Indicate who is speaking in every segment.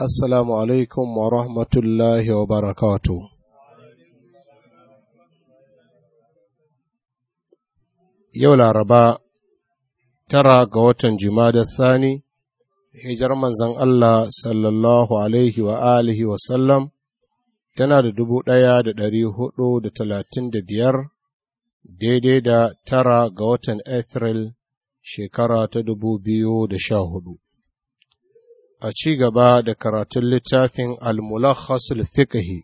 Speaker 1: Assalamu alaikum wa rahmatullahi wa barakatu. Yau Laraba, tara ga watan Jumada Thani, hijar manzan Allah sallallahu alaihi wa alihi wa sallam, tana da dubu ɗaya da ɗari hudu da talatin da biyar, daidai da tara ga watan Afril shekara ta dubu biyu da sha hudu. a ci gaba da karatun littafin al-mulakhas al-fiqhi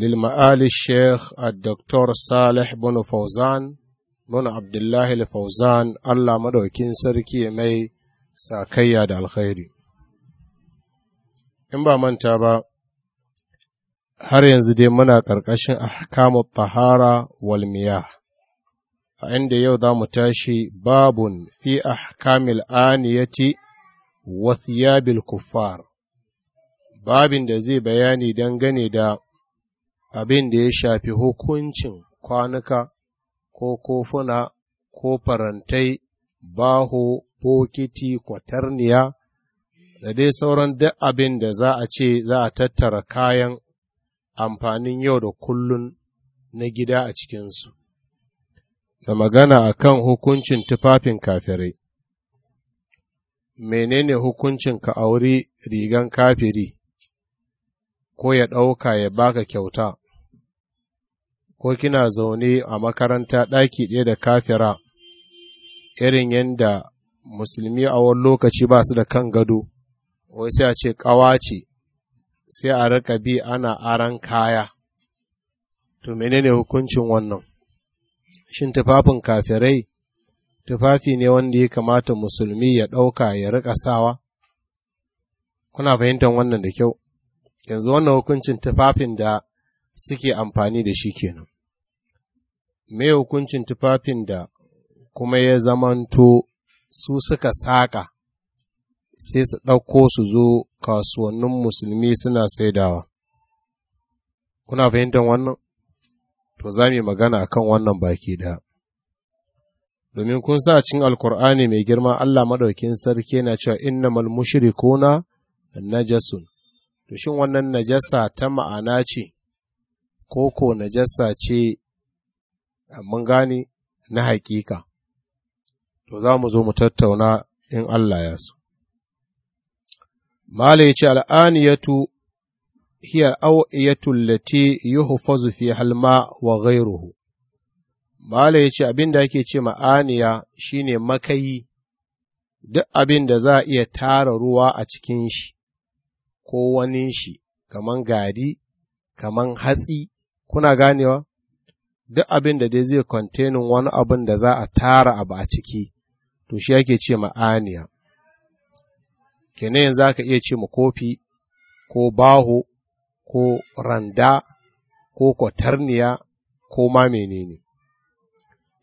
Speaker 1: lil ma'ali sheikh ad doktor salih bin fauzan bin abdullahi al fawzan Allah madaukin sarki mai sakayya da alkhairi in ba manta ba har yanzu dai muna ƙarƙashin ahkamu tahara wal miyah a inda yau za mu tashi babun fi ahkamil aniyati wa kuffar babin da zai bayani dangane da abin da ya shafi hukuncin kwanuka ko kofuna ko farantai baho bokiti kwatarniya da dai sauran duk abin da za a ce za a tattara kayan amfanin yau da kullun na gida a cikinsu, da magana a kan hukuncin tufafin kafirai, menene hukuncin ka auri rigan kafiri ko ya ɗauka ya baka kyauta, ko kina zaune a makaranta ɗaki ɗaya da kafira irin yadda musulmi a wani lokaci ba su da kan gado, wai sai a ce ƙawa ce, sai a raka bi ana aran kaya. To menene hukuncin wannan? Shin tufafin kafirai tufafi ne wanda ya kamata musulmi ya ɗauka ya riƙa sawa? Kuna fahimtar wannan da kyau, yanzu wannan hukuncin tufafin da suke amfani da shi kenan. Me hukuncin tufafin da kuma ya zamanto su suka saƙa sai su ɗauko su zo kasuwannin musulmi suna saidawa. Kuna fahimtar wannan? To za mu yi magana a kan wannan baki da. domin kun sa cin alkur'ani mai girma Allah maɗaukin sarki na cewa innamal mushrikuna najasun to shin wannan najasa ta ma'ana ce ko ko najasa ce mun gane na hakika to za mu zo mu tattauna in Allah ya so Mala ya ce al'aniyatu hiya al'awiyatu lati yuhfazu fi halma wa gairuhu. Mala ya ce abin da ake ce ma'aniya shi ne makayi, duk abin da za a iya tara ruwa a cikin shi, ko wani shi, kaman gari, kaman hatsi, kuna ganewa? Duk abin da dai zai kwantenin wani abin da za a tara abu a ciki, to shi ake ce ma'aniya. Kenan za ka iya ce ma kofi, ko baho, ko randa, ko kwatarniya, ko ma menene.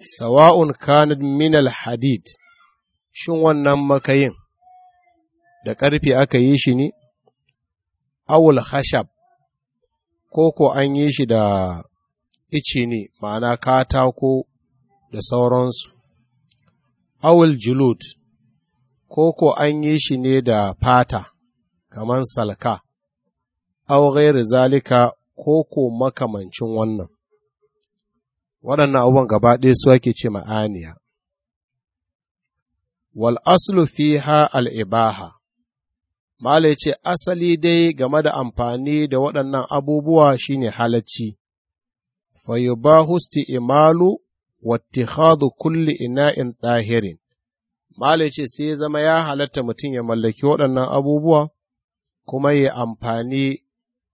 Speaker 1: sawa'un kanad minal hadid shin wannan makayin da ƙarfi aka yi shi ne awul hashab ko ko an yi shi da ice ne ma'ana katako da sauransu awul julud ko ko an yi shi ne da fata kamar salka aw gairu zalika ko ko makamancin wannan waɗannan abubuwan gaba ɗaya su ake ce ma'aniya wal aslu fiha al ibaha Malai ce asali dai game da amfani da waɗannan abubuwa shine halacci, fayyubahu imalu wattihadu kulli ina'in ɗahirin. Malai ce sai zama ya halatta mutum ya mallaki waɗannan abubuwa kuma ya amfani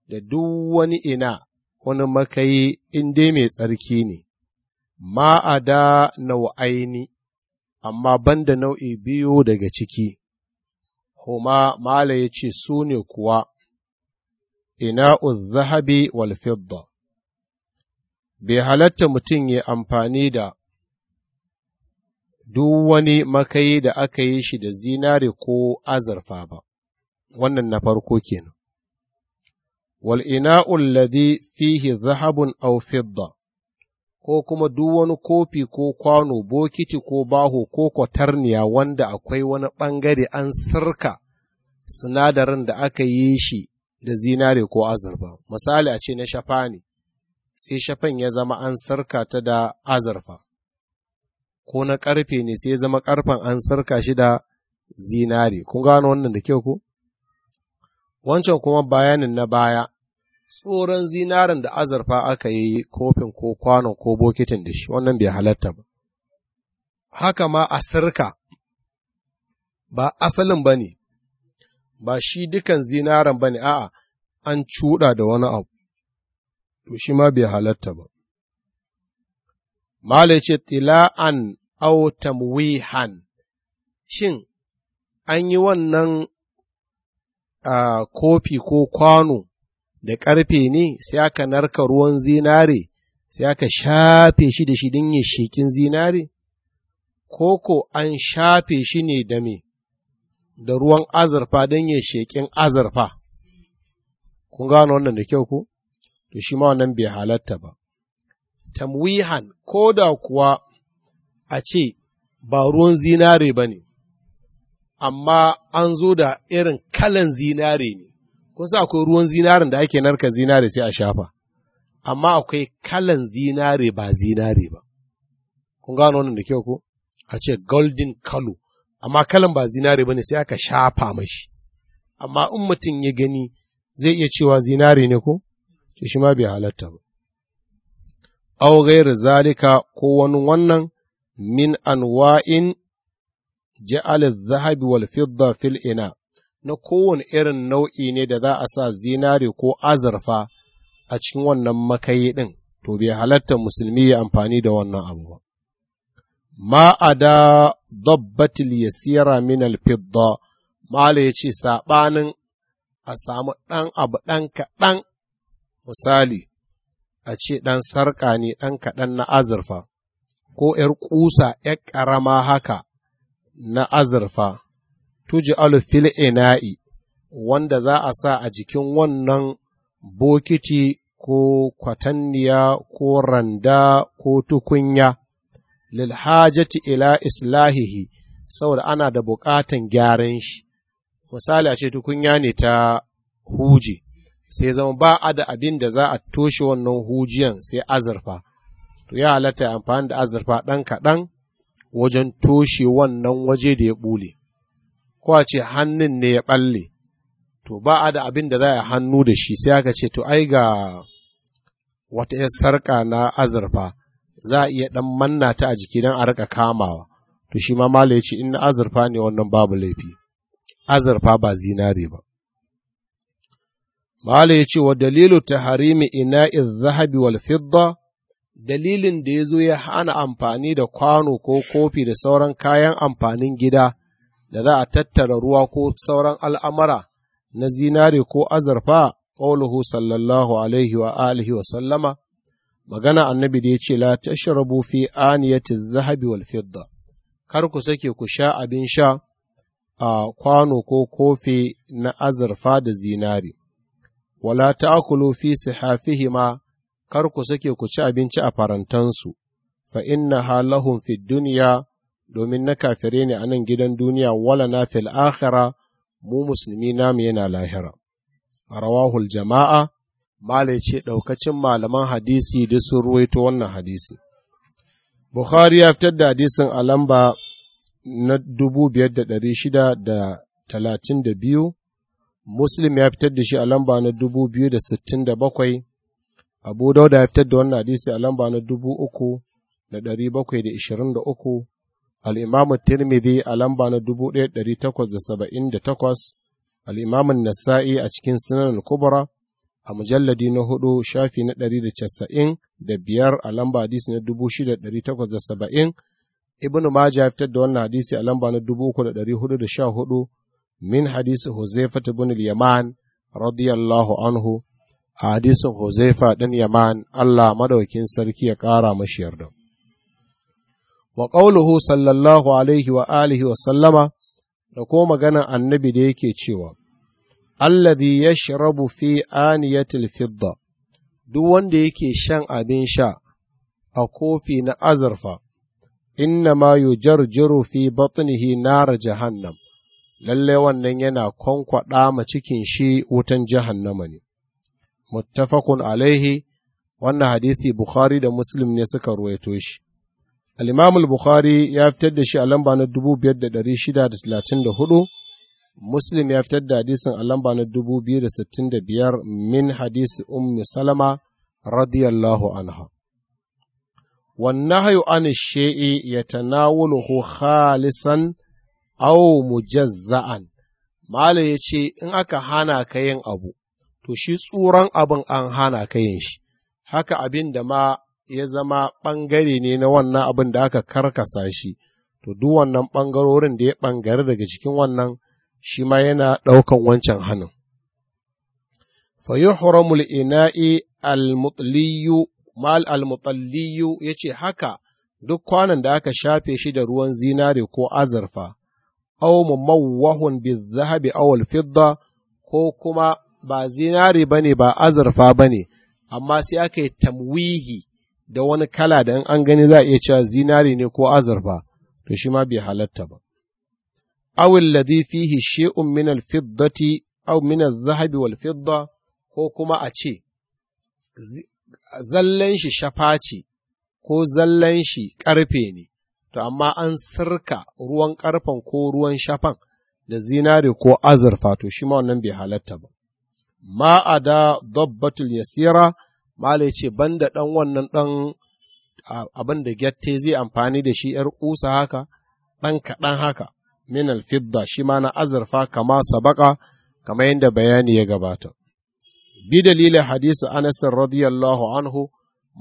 Speaker 1: da duk wani ina wani makayi in dai mai tsarki ne, ma'ada nau'aini, amma ban da nau'i biyu daga ciki, Kuma mala ya ce su ne kuwa, ina zahabi wal fidda. Bai halatta mutum ya amfani da duk wani makayi da aka yi shi da zinare ko azurfa ba, wannan na farko kenan. والإناء الذي fihi zahabun au fidda ko kuma duk wani kofi ko kwano bokiti ko baho ko kwatarniya wanda akwai wani ɓangare an sirka sinadarin da aka yi shi da zinare ko azurfa misali a ce na shafa ne sai shafan ya zama an sirka ta da azurfa ko na ƙarfe ne sai zama ƙarfen an sirka shi da zinare kun gano wannan da kyau ko wancan kuma bayanin na baya tsoron zinaren da azurfa aka yi kofin ko kwanon ko bokitin da shi wannan bai halatta ba haka ma a sirka ba asalin ba ne ba shi dukan zinaren ba ne a'a an cuɗa da wani abu to shi ma bai halatta ba Malai ce tila'an au shin an yi wannan ah, kofi ko kwano da ƙarfe ne sai aka narka ruwan zinare sai aka shafe shi da shi don yin shekin zinare Ko an shafe shi ne da me da ruwan azurfa don yin shekin azurfa kun gano wannan da kyau ku to shi ma wannan bai halatta ba tamwihan ko da kuwa a ce ba ruwan zinare ba ne amma an zo da irin kalan zinare ne kun sa akwai ruwan zinarin da ake narka zinare sai a shafa amma akwai kalan zinare ba zinare ba kun gano wannan da kyau ko a ce golden kalo amma kalan ba zinare ba ne sai aka shafa mashi amma in mutum ya gani zai iya cewa zinare ne ko to shi ma bai halatta ba aw ghairu zalika ko wani wannan min anwa'in ja'al zahabi wal fidda fil ina na kowane irin nau'i ne da za a sa zinari ko azurfa a cikin wannan makayi ɗin, to bai halatta musulmi ya amfani da wannan abu ba. da dabbatil siyara min alfidda, Mala ya ce saɓanin a samu ɗan abu ɗan kaɗan, misali, a ce ɗan sarƙa ne ɗan kaɗan na azurfa, ko ’yar ƙusa ’yar ƙarama haka na azurfa. Tuji alufil'inai, ina'i wanda za a sa a jikin wannan bokiti ko kwatanniya ko randa ko tukunya lilhajati ila islahihi saboda ana da buƙatan gyaran shi misali a ce tukunya ne ta huji sai zama ba a da abin da za a toshe wannan hujiyan sai azurfa to ya halatta amfani da azurfa ɗan kaɗan wajen toshe wannan waje da ya ɓule ko a ce hannun ne ya ɓalle, to ba a da abin da za a hannu da shi sai aka ce, to ai ga wata ‘yar sarƙa na azurfa za a iya ɗan manna ta a jiki don a rika kamawa, to shi ma ya ce in azurfa ne wannan babu laifi, azurfa ba zinare ba. Mala ya ce wa dalilu ta harimi ina zahabi wal fidda dalilin da ya zo ya hana amfani da kwano ko kofi da sauran kayan amfanin gida da za a tattara ruwa ko sauran al'amara na zinare ko azurfa ƙauluhu sallallahu alaihi wa alihi wa sallama magana annabi da ya ce la tashrabu fi aniyati zahabi wal fidda kar ku sake ku sha abin sha a kwano ko kofi na azurfa da zinari wala ta'kulu fi sihafihima kar ku sake ku ci abinci a farantansu fa inna halahum fid dunya domin na kafire ne a nan gidan duniya wala na fil akhira mu musulmi namu yana lahira rawahul jama'a mala ce ɗaukacin malaman hadisi da sun ruwaito wannan hadisi bukhari ya fitar da hadisin a lamba na biyu. muslim ya fitar da shi a lamba na 2067 abu dauda ya fitar da wannan hadisi a lamba na uku. al'imamu Tirmidhi a lamba na dubu ɗaya da da ɗari takwas saba'in 1878, al'imamun Nasa'i a cikin Sunan Kubra a mujalladi na hudu shafi na ɗari da casa'in da biyar a lamba hadisi na dubu shida da ɗari takwas saba'in Ibn Majah ya fitar da wannan hadisi a lamba na dubu uku da da ɗari sha 3414 min hadisi Huzaifa ibn al-Yaman radiyallahu anhu a hadisin Huzaifa ɗan Yaman Allah madaukin sarki ya ƙara mashi yarda. wa ƙauluhu sallallahu alaihi wa alihi wa sallama da ko maganan annabi da yake cewa, Alladhi ya shirabu fi aniyatil fidda, duk wanda yake shan abin sha a kofi na azurfa, inna ma yujarjiru fi batnihi nara jahannam, lalle wannan yana kwankwaɗa ma cikin shi wutan jahannama ne. Muttafaqun alaihi, wannan hadithi Bukhari da Muslim ne suka ruwaito shi. Al'imamul Bukhari ya fitar da shi a lamba na 5,634, Muslim ya fitar da hadisin a lamba na 2,065 min hadisi Ummi Salama radiyallahu anha. والنهي عن الشيء يتناوله خالصا أو مجزأ Malam ya ce, In aka hana ka yin abu, to shi tsoron abin an hana ka yin shi, haka abin da ma ya zama ɓangare ne na wannan abin da aka karkasa shi, to duk wannan ɓangarorin da ya ɓangare daga cikin wannan shi ma yana ɗaukan wancan hannun. Fayuhramul ina'i al-mutliyu mal al mutliyu ya ce haka duk kwanan da aka shafe shi da ruwan zinare ko azurfa, au mumawwahun bi zahabi awal fidda ko kuma ba zinare ba ne ba azurfa ba ne, amma sai aka yi tamwihi da wani kala da in an gani za a iya cewa zinari ne ko azurfa to shi ma bai halatta ba awil ladhi fihi shay'un min al aw min adh-dhahabi wal-fidda ko kuma a ce zallan shi shafa ce ko zallan shi karfe ne to amma an sirka ruwan karfen ko ruwan shafan da zinari ko azurfa to shi ma wannan bai halatta ba ma'ada dabbatul yasira Malai ce ban da ɗan wannan ɗan abin da gyatte zai amfani da shi ‘yar ƙusa haka, ɗan kaɗan haka, min alfidda shi ma na azurfa kama sabaka kama yadda bayani ya gabata. Bi dalilin hadisin Anas radiyallahu anhu,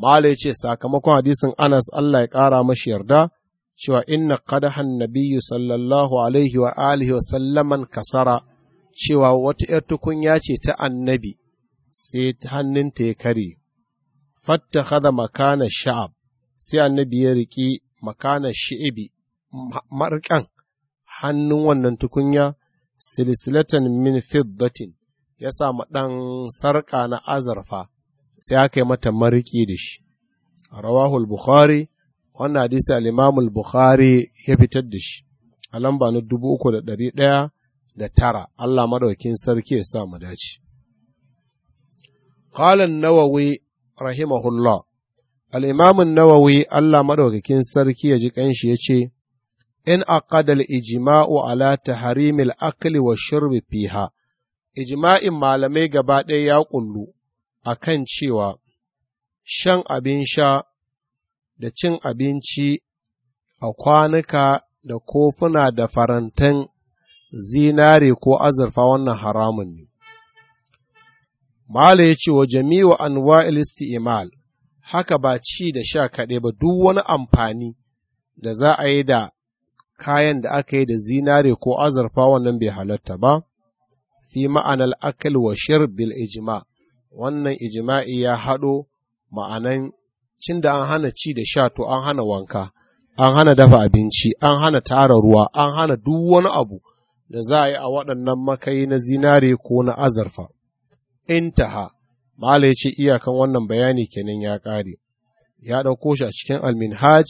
Speaker 1: Malai ce sakamakon hadisin Anas Allah ya ƙara mashi yarda, cewa inna qadahan nabiyyu sallallahu alaihi wa alihi wa sallaman kasara cewa wata ‘yar tukunya ce ta annabi sai hannunta ya kare fatta hada makana sha'ab sai annabi ya riki makana shi'ibi marƙan hannun wannan tukunya silsilatan min fiddatin ya samu ɗan sarƙa na azarfa sai aka yi mata mariki da shi rawahul bukhari wannan hadisi al bukhari ya fitar da shi a lamba na dubu uku da ɗari ɗaya da tara Allah maɗaukin sarki ya sa mu dace. Qalan Nawawi rahimahullah al'imamun nawawi Allah maɗaukakin sarki ya ji ƙanshi ya ce, In aqadal ijima'u ala taharimil akli wa shirbi fiha, ijima'in malamai gaba ɗaya ya ƙullu a kan cewa shan abin sha da cin abinci a kwanuka da kofuna da farantan zinare ko azurfa wannan haramun ne. Mala ya ce wa jami'u anwa'il isti'imal haka ba ci da sha kaɗai ba duk wani amfani da za a yi da kayan da aka yi da zinare ko azurfa wannan bai halatta ba, fi ma'anar akal wa shir bil ijima' wannan ijima'i ya haɗo ma'anan cin da an hana ci da sha to an hana wanka, an hana dafa abinci, an hana tara ruwa, an hana duk wani abu da za a yi a waɗannan makayi na zinare ko na azurfa. intaha mala ya ce iyakan wannan bayani kenan ya ƙare ya ɗauko shi a cikin alminhaj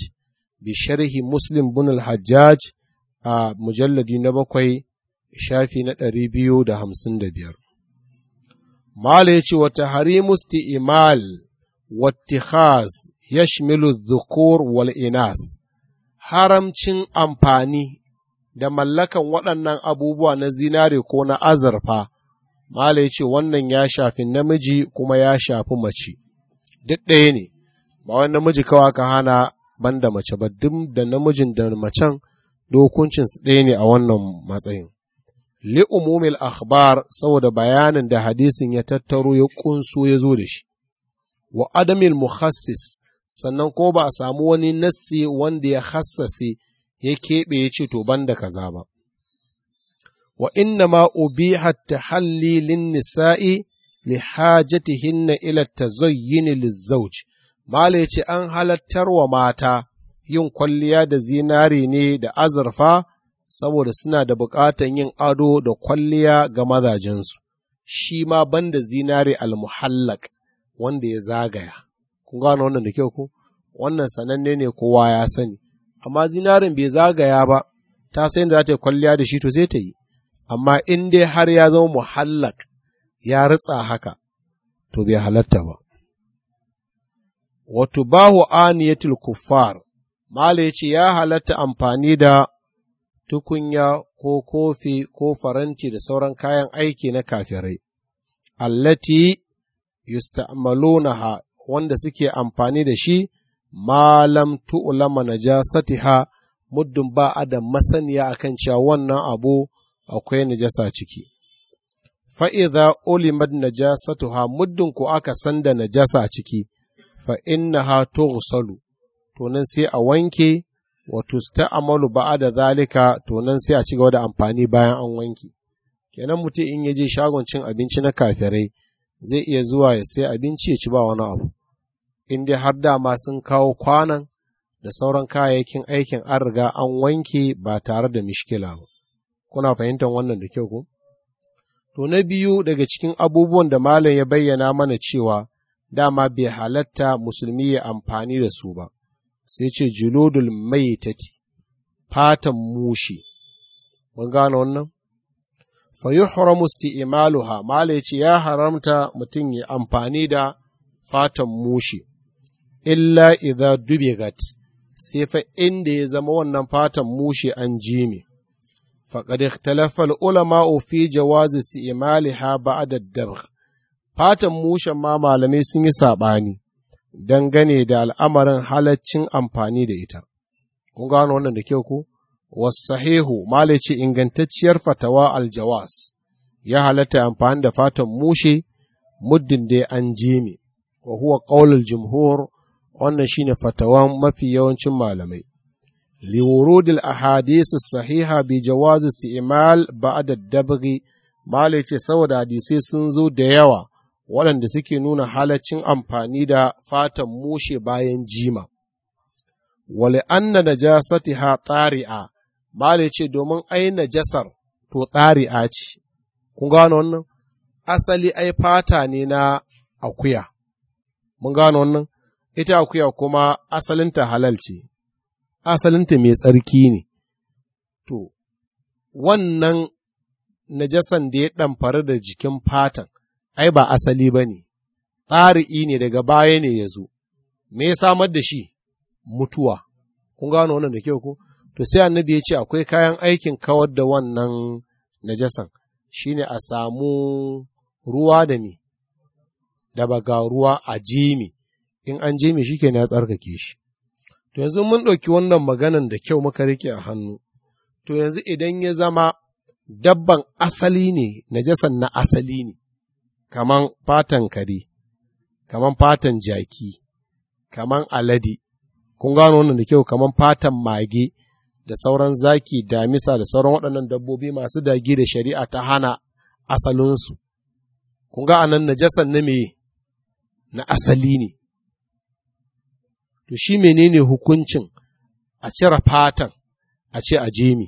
Speaker 1: bi sharhi muslim bin al-hajjaj a mujalladi na bakwai shafi na ɗari biyu da hamsin da biyar mala ya ce wata harimu imal wattikhaz yashmilu dhukur wal inas haramcin amfani da mallakan waɗannan abubuwa na zinare ko na azurfa mala ya ce wannan ya shafi namiji kuma ya shafi mace duk ɗaya ne ba wani namiji kawa ka hana ban da mace ba duk da namijin da macen dokuncin su ɗaya ne a wannan matsayin li umumil akhbar saboda bayanin da hadisin ya tattaro ya kunso ya zo da shi wa adamil mukhassis sannan ko ba a samu wani nassi wanda ya hassase ya keɓe ya ce to ban da kaza ba wa inna ma ubiha tahalli lin nisa'i li hajatihinna ila tazayyini lizawj mala ce an halattar wa mata yin kwalliya da zinari ne da azurfa saboda suna da buƙatan yin ado da kwalliya ga mazajensu shi ma banda zinari almuhallak wanda ya zagaya kun gano wannan da kyau ko wannan sananne ne kowa ya sani amma zinarin bai zagaya ba ta sayin za ta yi kwalliya da shi to sai ta yi amma in dai har ya zama muhallak ya ritsa haka, to bai halatta ba. Wato bahu aniyatul kuffar, Mala ya ya halatta amfani da tukunya ko kofi ko faranti da sauran kayan aiki na kafirai, allati yusta'malunaha wanda suke amfani da shi malam tu'lama najasatiha muddin ba a da masaniya akan cewa wannan abu akwai najasa ciki. Fa'iza ulimad najasatuha muddin ku aka san da najasa ciki, fa innaha tughsalu to nan sai a wanke wa ba'a da zalika to nan sai a ci gaba da amfani bayan an wanke. Kenan mutum in ya je shagon cin abinci na kafirai zai iya zuwa ya sai abinci ya ci ba wani abu. In dai har dama sun kawo kwanan da sauran kayayyakin aikin an riga an wanke ba tare da mishkila ba. Kuna fahimtar wannan da kyau ko? To, na biyu daga cikin abubuwan da Malam ya bayyana mana cewa dama bai halatta musulmi ya amfani da su ba, sai ce juludul maitati, fatan mushi. Mun gane wannan? Fa yuhramu isti'maluha, Malam ya ce ya haramta mutum ya amfani da fatan mushi, illa idza dubigat sai fa inda ya zama wannan fatan mushi an jime, فقد اختلف العلماء في جواز jawazi si'maliha الدبغ فاتن موشا fatan mushen ma malamai sun yi saɓani dangane da al'amarin halaccin amfani da ita. Kun gano wannan da ke ku? Wasahihu malaci ingantacciyar fatawa aljawas ya halatta amfani da fatan mushe muddin dai an jeme, wa huwa ƙaunar jumhur wannan shine fatawan mafi yawancin malamai. لورود الأحاديث الصحيحة بجواز استعمال بعد الدبغ ما ليتي sun zo da yawa, waɗanda suke nuna halaccin amfani da fatan mushe bayan jima. Wale anna najasatiha tsari'a, Male ce domin ai najasar to tsari'a ce, kun gano wannan? Asali ai fata ne na akuya, mun gano wannan? Ita akuya kuma asalinta halal ce, asalinta mai tsarki ne, to, wannan najasan da ya ɗamfara da jikin fatan, ai, ba asali ba ne, ɗari'i ne daga baya ne ya zo, me ya samar da shi mutuwa, kun gano wannan da kyau ko? To, sai annabi ya ce akwai kayan aikin kawar da wannan najasan, shi ne a samu ruwa da ni, da baga ruwa a jimi, in an jimi shi ke na tsarkake shi. To yanzu mun ɗauki wannan maganan da kyau muka riƙe a hannu, to yanzu idan ya zama dabban asali ne, najasan na asali ne, kaman fatan kare, kaman fatan jaki, kaman alade, kun gano wannan da kyau kaman fatan mage da sauran zaki damisa da sauran waɗannan dabbobi masu dagi da shari'a ta hana asalinsu. Kun ga anan najasan na me na asali ne, to shi menene hukuncin a cire fatan a ce a jemi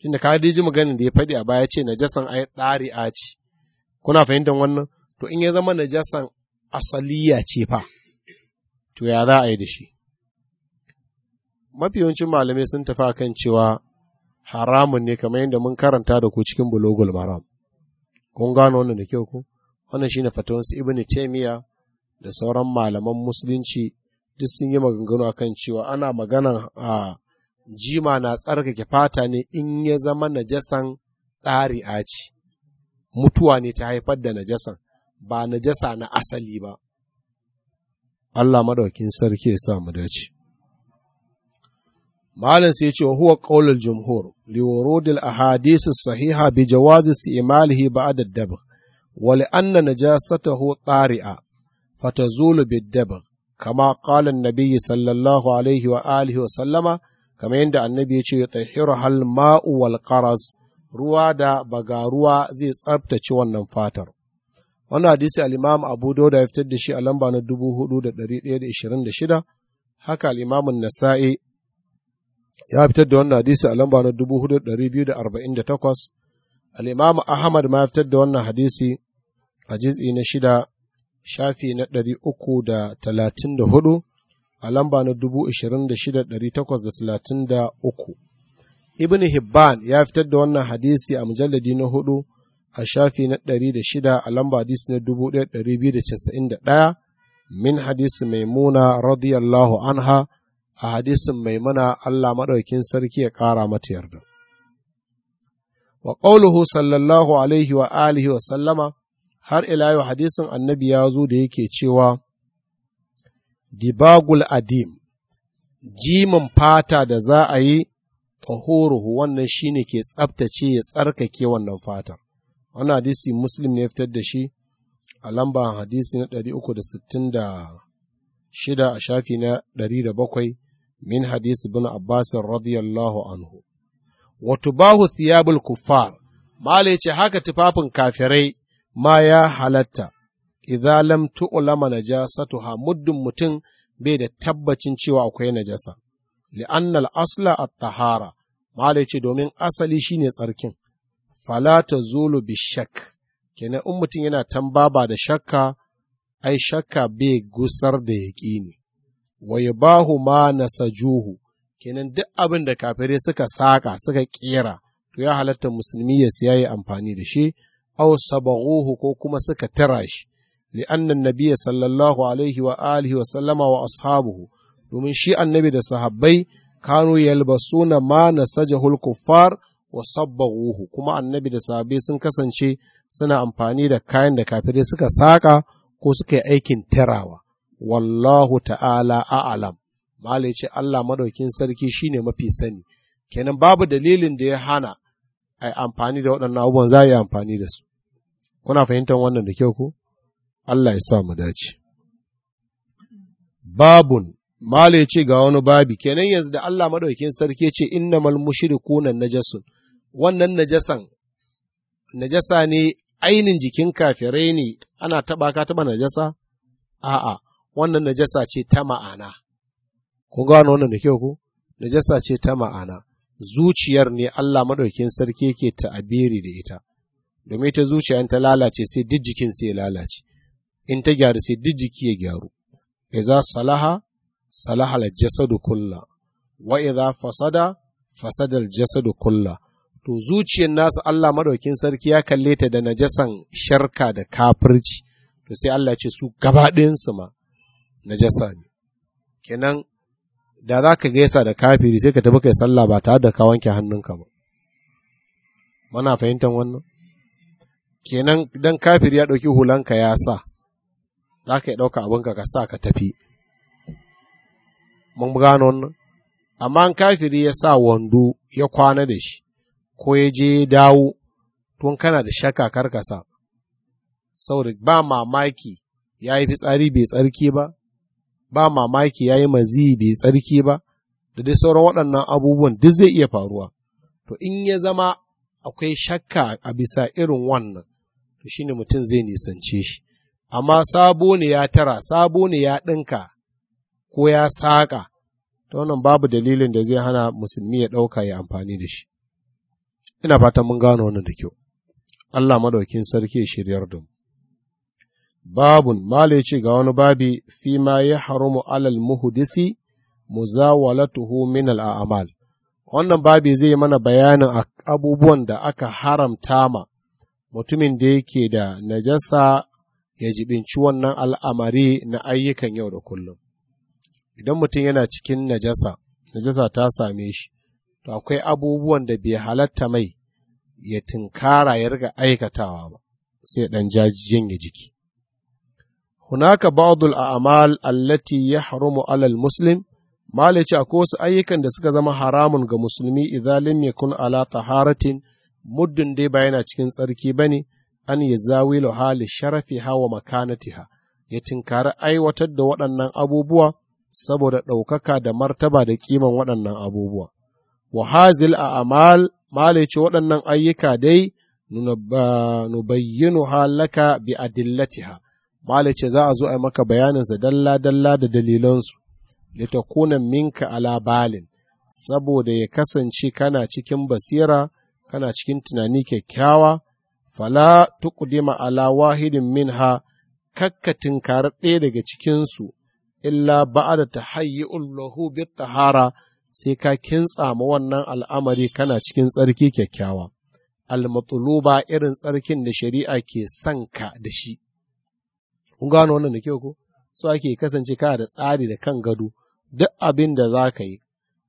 Speaker 1: tun da kawai ji maganin da ya faɗi a baya ce najasan ai tsari a ce kuna fahimtar wannan to in ya zama najasan asaliya ce fa to ya za a yi da shi mafi yawancin malamai sun tafi a kan cewa haramun ne kamar yadda mun karanta da ku cikin bulogul maram kun gano wannan da kyau ku wannan shine fatawan su ibnu taymiya da sauran malaman musulunci duk sun yi maganganu a kan cewa ana maganan a jima na tsarkake fata ne in ya zama najasan a ce, mutuwa ne ta haifar da najasan, ba najasa na asali ba. Allah madaukin sarki ya sa mu dace. Malam sai ya ce wa huwa qaulul jumhur li wurudil ahadith sahiha bi jawaz istimalihi ba'da ad-dabr wa li anna najasatahu tari'a fatazulu bid-dabr kama qalan nabiyyi sallallahu alaihi wa alihi wa sallama kamar yadda annabi ya ce yutahhiru hal ma'u wal qaras ruwa da bagaruwa zai tsaftace wannan fatar Wani hadisi al-imam Abu Dawud ya fitar da shi a lamba na 4126 haka al-imam An-Nasa'i ya fitar da wannan hadisi a lamba na 4248 al-imam Ahmad ma ya fitar da wannan hadisi a juz'i na shida shafi na ɗari uku da talatin da hudu a lamba na dubu ashirin da shida ɗari takwas da talatin da uku. Ibn Hibban ya fitar da wannan hadisi a mujalladi na hudu a shafi na ɗari da shida a lamba hadisi na dubu ɗaya ɗari biyu da casa'in da ɗaya min hadisi maimuna radiyallahu anha a hadisin maimuna Allah maɗaukin sarki ya ƙara mata yarda. Wa ƙauluhu sallallahu alaihi wa alihi wa sallama har ila yau hadisin annabi ya zo da yake cewa dibagul adim jimin fata da za a yi tahoruhu wannan shine ke tsabtace ya tsarkake wannan fata wannan hadisi muslim ne fitar da shi a lamba hadisi na 366 a shafi na 107 min hadisi bin abbas radiyallahu anhu Wato bahu thiyabul kuffar mala ce haka tufafin kafirai ma ya halatta, idza lam tu'lama tuha muddin mutum bai da tabbacin cewa akwai najasa. Li'annal asla a tahara Malai ce domin asali shi ne tsarkin, falata ta bi shak, kenan in mutum yana tambaba da shakka, ai shakka bai gusar da yaƙini. Wa bahu ma juhu? kenan duk abin da kafirai suka saƙa suka ƙera, to ya halatta musulmi ya siya yi amfani da shi, aw sabahuhu ko kuma suka tara shi li'anna nabiyya sallallahu alaihi wa wa sallama wa ashabuhu domin shi annabi da sahabbai kanu yalbasuna ma nasajahul kuffar wa sabbahuhu kuma annabi da Sahabai sun kasance suna amfani da kayan da kafirai suka saka ko suka yi aikin tarawa wallahu ta'ala a'lam malai Allah madaukin sarki shine mafi sani kenan babu dalilin da ya hana a amfani da waɗannan abubuwan za a yi amfani da su Kuna fahimtar wannan da kyau ko? Allah ya sa mu dace. Babun, Malo ya ce ga wani babi, kenan yanzu da Allah maɗaukin sarki ya ce inna mal mushrikuna najasun, wannan najasan, najasa ne ainin jikin kafirai ne ana taɓa ka taɓa najasa? A'a, wannan najasa ce ta ma'ana. ku gano wannan da kyau ko? Najasa ce ta ma'ana. Zuciyar ne Allah maɗaukin sarki yake ta'abiri da ita. domin ita zuciya in ta lalace sai duk jikin sai ya lalace in ta gyaru sai duk jiki ya gyaru idza salaha salaha al-jasadu kullu wa idza fasada fasada al-jasadu kullu to zuciyar nasu Allah madaukin sarki ya kalle ta da najasan sharka da kafirci to sai Allah ya ce su gaba su ma najasa ne kenan da za ka gaisa da kafiri sai ka tafi kai sallah ba tare da ka wanke hannunka ba mana fahimtar wannan kenan dan kafir ya ɗauki hulanka ya sa za ka yi ɗauka abinka ka sa ka tafi mun gano wannan amma kafiri ya sa wando ya kwana da shi ko ya je ya dawo tun kana da shakka karkasa saurin ba mamaki ya yi fitsari bai tsarki ba ba mamaki ya yi mazi bai tsarki ba da dai sauran waɗannan abubuwan duk zai iya faruwa to in ya zama akwai shakka a bisa irin wannan to shine mutum zai nisance shi amma sabo ne ya tara sabo ne ya ɗinka ko ya saƙa ta wannan babu dalilin da zai hana musulmi ya ɗauka ya amfani da shi ina fatan mun gano wannan da kyau Allah madaukin sarki shiryar da mu babun malai ce ga wani babi fi ma ya haramu alal muhdisi muzawala min al'amal a'mal wannan babi zai mana bayanin abubuwan da aka haramta ma mutumin da yake da najasa ya jibinci wannan al'amari na ayyukan yau da kullum. Idan mutum yana cikin najasa, najasa ta same shi, to akwai abubuwan da bai halatta mai ya tunkara ya riga aikatawa ba, sai ɗan jajiyan ya jiki. Hunaka ba'dul a'mal allati ya haramu alal muslim, malice akwai wasu ayyukan da suka zama haramun ga musulmi idan lam yakun ala taharatin muddin dai ba yana cikin tsarki ba ne, an yi zawi hali sharafi hawa makanatiha, ya tinkari aiwatar da waɗannan abubuwa saboda ɗaukaka da martaba da kiman waɗannan abubuwa. Wahazil a amal, malice waɗannan ayyuka dai nu nubayyinu halaka bi adillatiha, malice za a zo a maka bayaninsa dalla-dalla da dalilansu, litakuna minka ala balin, saboda ya kasance kana cikin basira kana cikin tunani kyakkyawa fala tuqdima ala wahidin minha kakka tinkari ɗaya daga cikinsu illa ba'ada tahayyi'ul lahu bit tahara sai ka kintsa ma wannan al'amari kana cikin tsarki kyakkyawa almatuluba irin tsarkin da shari'a ke son ka da shi. Kun gano wannan da kyau ko? So ake kasance ka da tsari da kan gado, duk abin da za ka yi,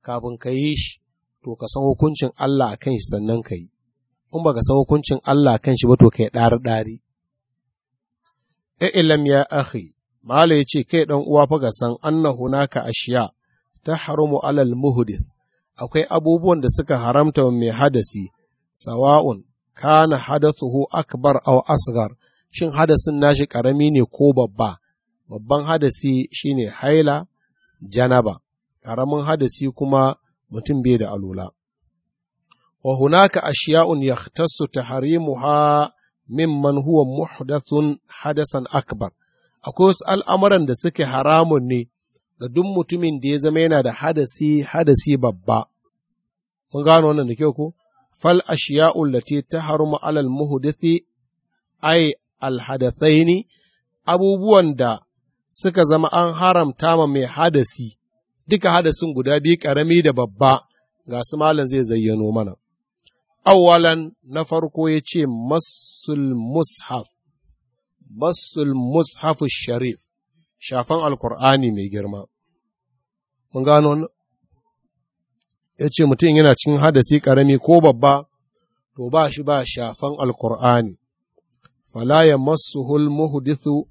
Speaker 1: kafin ka yi shi, to ka san hukuncin Allah a kan shi sannan ka yi, in ba ka san hukuncin Allah a kan shi ba to ka yi ɗari-ɗari. Ilam ya ahi, Mala ya ce, kai ɗan uwa fa ga san annahu naka ashiya ta haramu alal muhdith akwai abubuwan da suka haramta wa mai hadasi, sawa'un, kana hadathuhu akbar aw asghar shin hadasin nashi ƙarami ne ko babba, babban hadasi shine haila, janaba, ƙaramin hadasi kuma mutum bai da alula wa hunaka ashiya'un yahtassu tahrimuha mimman huwa muhdathun hadasan akbar akwai wasu al'amuran da suke haramun ne ga duk mutumin da ya zama yana da hadasi hadasi babba mun gano wannan da kyau ko fal ashiya'un lati tahrumu alal muhdathi ai al abubuwan da suka zama an haramta ma mai hadasi duka hadasin guda biyu ƙarami da babba ga su malam zai zayyano mana. Awalan na farko ya ce masul mushaf, masul mushafu sharif, shafan alkur'ani mai girma. Mun gano Ya ce mutum yana cin hadasi ƙarami ko babba, to ba shi ba shafan alkur'ani. Falaya masuhul muhdithu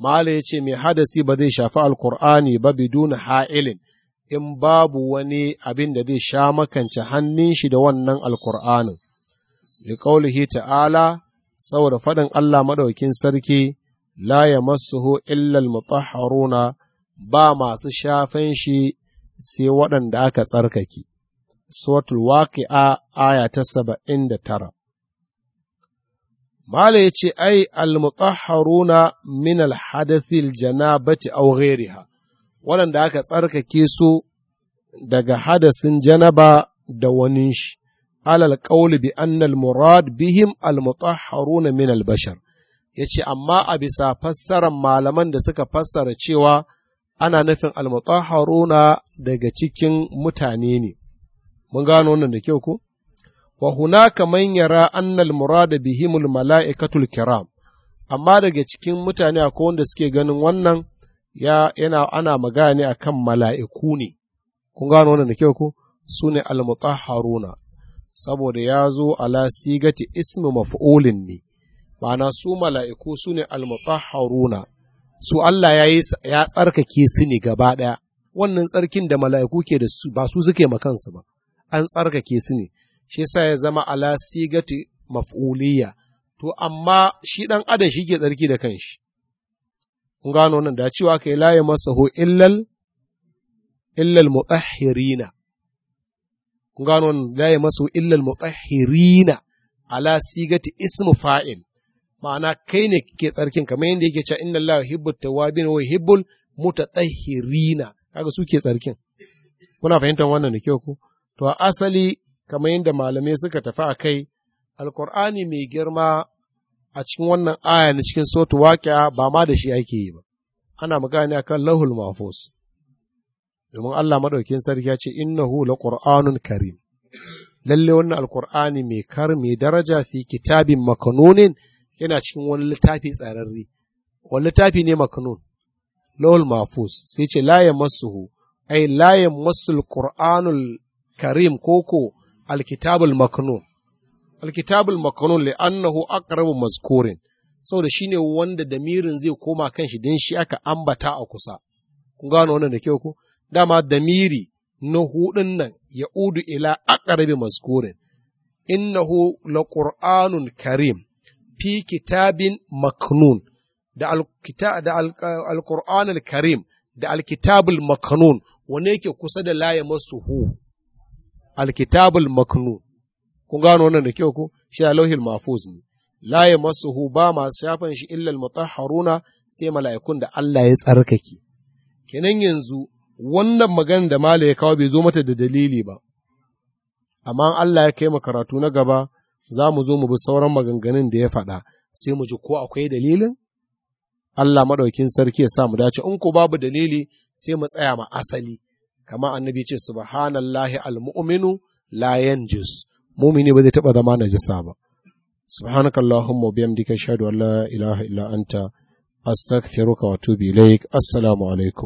Speaker 1: Mala ya ce mai hadasi ba zai shafi alkur'ani ba bidun ha'ilin in babu wani abin da zai sha makance hannun shi da wannan alkur'anin liƙaulihi ta'ala saboda faɗin Allah maɗaukin sarki la ya masuhu illal mutahharuna ba masu shafan shi sai waɗanda aka tsarkake suratul waqi'a aya ta saba'in da tara Mala ya ce, Ai, almutahharuna min alhadathil janabati aw ghairiha waɗanda aka tsarkake su daga hadasin janaba da wani shi alal qawli bi annal murad bihim al na min albashar ya ce amma a bisa fassarar malaman da suka fassara cewa ana nufin al na daga cikin mutane ne mun gano wannan da kyau ko wa hunaka man yara annal murad bihim al mala'ikatul kiram amma daga cikin mutane akwai wanda suke ganin wannan ya yana ana magana ne akan mala'iku ne kun gano wannan da kyau ku? su ne almutahharuna saboda ya zo ala sigati ismi maf'ulin ne ma'ana su mala'iku su ne almutahharuna su Allah ya yi ya tsarkake su ne gaba ɗaya wannan tsarkin da mala'iku ke da su ba su suke ma kansu ba an tsarkake su ne shi yasa ya zama ala sigati maf'uliyya to amma shi ɗan adam shi ke tsarki da kanshi in gano nan da cewa kai la yamassahu illal illal mutahhirina kun gano nan la yamassahu illal mutahhirina ala sigati ismu fa'il ma'ana kai ne ke tsarkin kamar yadda yake cewa inna Allah yuhibbut tawabin wa yuhibbul mutatahhirina kaga su ke tsarkin kuna fahimtar wannan da kyau ko to asali kamar yadda malamai suka tafi a kai mai girma a cikin wannan aya na cikin sotu waƙiya ba ma da shi ake yi ba ana magana a akan lahul mafus domin Allah maɗaukin sarki ya ce innahu la karim lalle wannan alqur'ani mai kar mai daraja fi kitabin makanunin yana cikin wani littafi tsararri. wani littafi ne maknun lahul mafus sai ce la yamassuhu ay la yamassul qur'anul karim koko alkitabul maknun alkitabul makanun li'annahu aqrabu mazkurin saboda shine wanda damirin zai koma kan shi din shi aka ambata a kusa kun gano wannan da kyau ko dama damiri na hudun nan ya udu ila aqrabi mazkurin innahu laqur'anun karim fi kitabin maknun da alkur'anul karim da alkitabul maknun wane yake kusa da laye masu hu alkitabul maknun kun gano wannan da kyau ko shi lauhil mahfuz ne la yamassuhu ba ma shafan shi illa al-mutahharuna sai mala'ikun da Allah ya tsarkake kenan yanzu wannan magana da mala ya kawo bai zo mata da dalili ba amma Allah ya kai mu karatu na gaba za mu zo mu bi sauran maganganun da ya faɗa sai mu ji ko akwai dalilin Allah maɗaukin sarki ya sa mu dace in ko babu dalili sai mu tsaya ma asali kamar annabi ce subhanallahi almu'minu la yanjus mumini ba zai taba zama najasa ba subhanaka allahumma bihamdika ashhadu an la ilaha illa anta astaghfiruka wa atubu ilaik assalamu alaikum